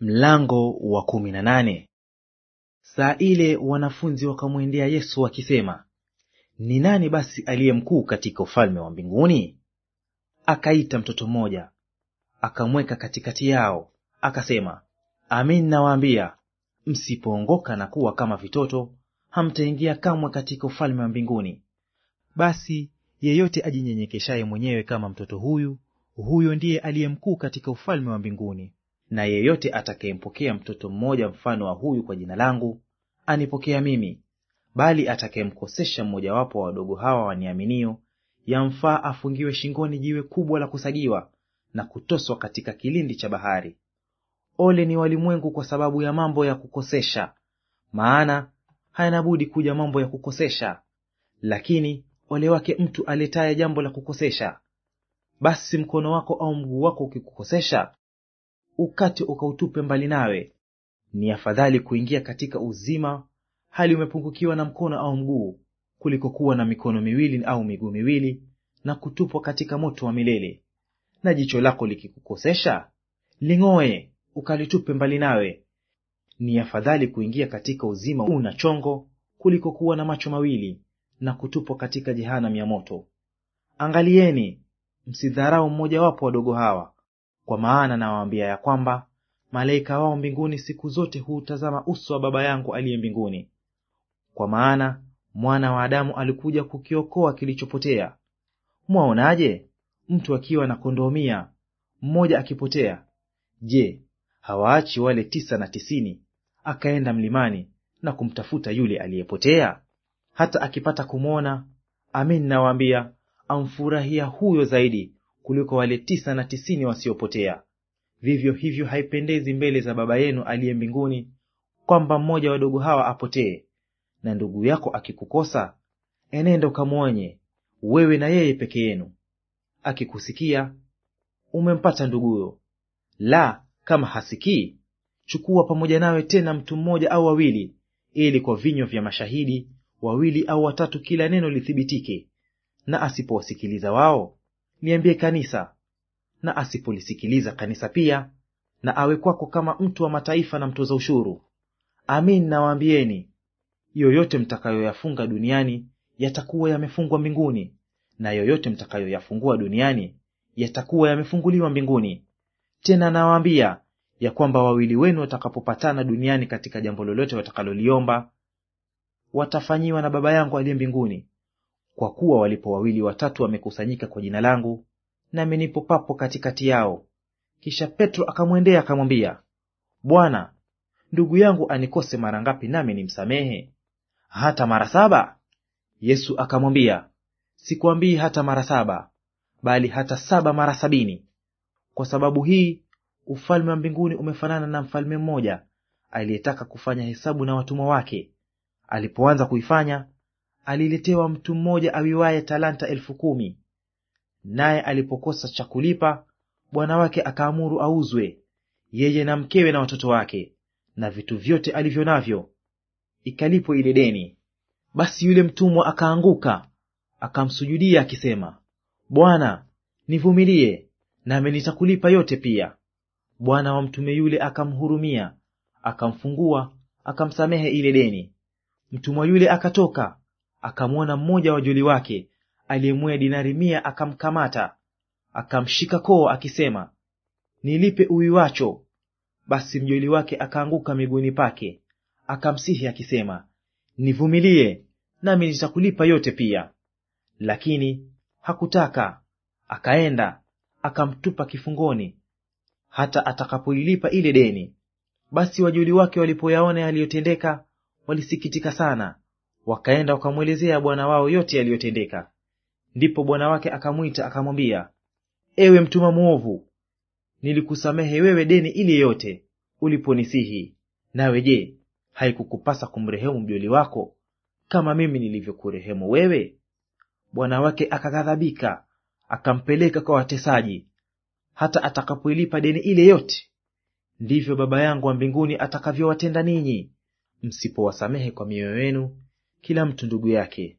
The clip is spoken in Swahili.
Mlango wa kumi na nane. Saa ile wanafunzi wakamwendea Yesu wakisema, ni nani basi aliye mkuu katika ufalme wa mbinguni? Akaita mtoto mmoja akamweka katikati yao, akasema, amin nawaambia, msipoongoka na kuwa kama vitoto, hamtaingia kamwe katika ufalme wa mbinguni. Basi yeyote ajinyenyekeshaye mwenyewe kama mtoto huyu, huyo ndiye aliye mkuu katika ufalme wa mbinguni na yeyote atakayempokea mtoto mmoja mfano wa huyu kwa jina langu, anipokea mimi; bali atakayemkosesha mmojawapo wa wadogo hawa waniaminio, yamfaa afungiwe shingoni jiwe kubwa la kusagiwa na kutoswa katika kilindi cha bahari. Ole ni walimwengu kwa sababu ya mambo ya kukosesha! Maana hayana budi kuja mambo ya kukosesha, lakini ole wake mtu aletaye jambo la kukosesha. Basi mkono wako au mguu wako ukikukosesha, ukate ukautupe mbali nawe. Ni afadhali kuingia katika uzima hali umepungukiwa na mkono au mguu, kuliko kuwa na mikono miwili au miguu miwili na kutupwa katika moto wa milele. Na jicho lako likikukosesha, ling'oe ukalitupe mbali nawe. Ni afadhali kuingia katika uzima una chongo kuliko kuwa na macho mawili na kutupwa katika jehanamu ya moto. Angalieni, msidharau mmojawapo wadogo hawa, kwa maana nawaambia ya kwamba malaika wao mbinguni siku zote huutazama uso wa Baba yangu aliye mbinguni. Kwa maana mwana wa Adamu alikuja kukiokoa kilichopotea. Mwaonaje mtu akiwa na kondoo mia, mmoja akipotea? Je, hawaachi wale tisa na tisini akaenda mlimani na kumtafuta yule aliyepotea? Hata akipata kumwona, amin nawaambia, amfurahia huyo zaidi kuliko wale tisa na tisini wasiopotea. Vivyo hivyo haipendezi mbele za Baba yenu aliye mbinguni kwamba mmoja wadogo hawa apotee. Na ndugu yako akikukosa, enenda ukamwonye, wewe na yeye peke yenu. Akikusikia, umempata nduguyo; la kama hasikii, chukua pamoja nawe tena mtu mmoja au wawili, ili kwa vinywa vya mashahidi wawili au watatu kila neno lithibitike. Na asipowasikiliza wao, niambie kanisa, na asipolisikiliza kanisa pia, na awe kwako kama mtu wa mataifa na mtoza ushuru. Amin nawaambieni, yoyote mtakayoyafunga duniani yatakuwa yamefungwa mbinguni, na yoyote mtakayoyafungua duniani yatakuwa yamefunguliwa mbinguni. Tena nawaambia ya kwamba wawili wenu watakapopatana duniani katika jambo lolote watakaloliomba, watafanyiwa na Baba yangu aliye mbinguni. Kwa kuwa walipo wawili watatu wamekusanyika kwa jina langu, nami nipo papo katikati yao. Kisha Petro akamwendea akamwambia, Bwana, ndugu yangu anikose mara ngapi nami nimsamehe? Hata mara saba? Yesu akamwambia, sikwambii hata mara saba, bali hata saba mara sabini. Kwa sababu hii ufalme wa mbinguni umefanana na mfalme mmoja aliyetaka kufanya hesabu na watumwa wake. Alipoanza kuifanya aliletewa mtu mmoja awiwaye talanta elfu kumi. Naye alipokosa cha kulipa, bwana wake akaamuru auzwe, yeye na mkewe na watoto wake na vitu vyote alivyo navyo, ikalipwe ile deni. Basi yule mtumwa akaanguka akamsujudia akisema, Bwana, nivumilie, nami nitakulipa yote pia. Bwana wa mtume yule akamhurumia, akamfungua, akamsamehe ile deni. Mtumwa yule akatoka akamwona mmoja wa joli wake aliyemwea dinari mia, akamkamata akamshika koo akisema, nilipe uiwacho. Basi mjoli wake akaanguka miguuni pake, akamsihi akisema, nivumilie, nami nitakulipa yote pia. Lakini hakutaka, akaenda akamtupa kifungoni hata atakapoilipa ile deni. Basi wajoli wake walipoyaona yaliyotendeka, walisikitika sana, Wakaenda wakamwelezea bwana wao yote yaliyotendeka. Ndipo bwana wake akamwita akamwambia, ewe mtuma mwovu, nilikusamehe wewe deni ile yote uliponisihi. Nawe je, haikukupasa kumrehemu mjoli wako kama mimi nilivyokurehemu wewe? Bwana wake akaghadhabika, akampeleka kwa watesaji hata atakapoilipa deni ile yote. Ndivyo Baba yangu wa mbinguni atakavyowatenda ninyi msipowasamehe kwa mioyo yenu kila mtu ndugu yake.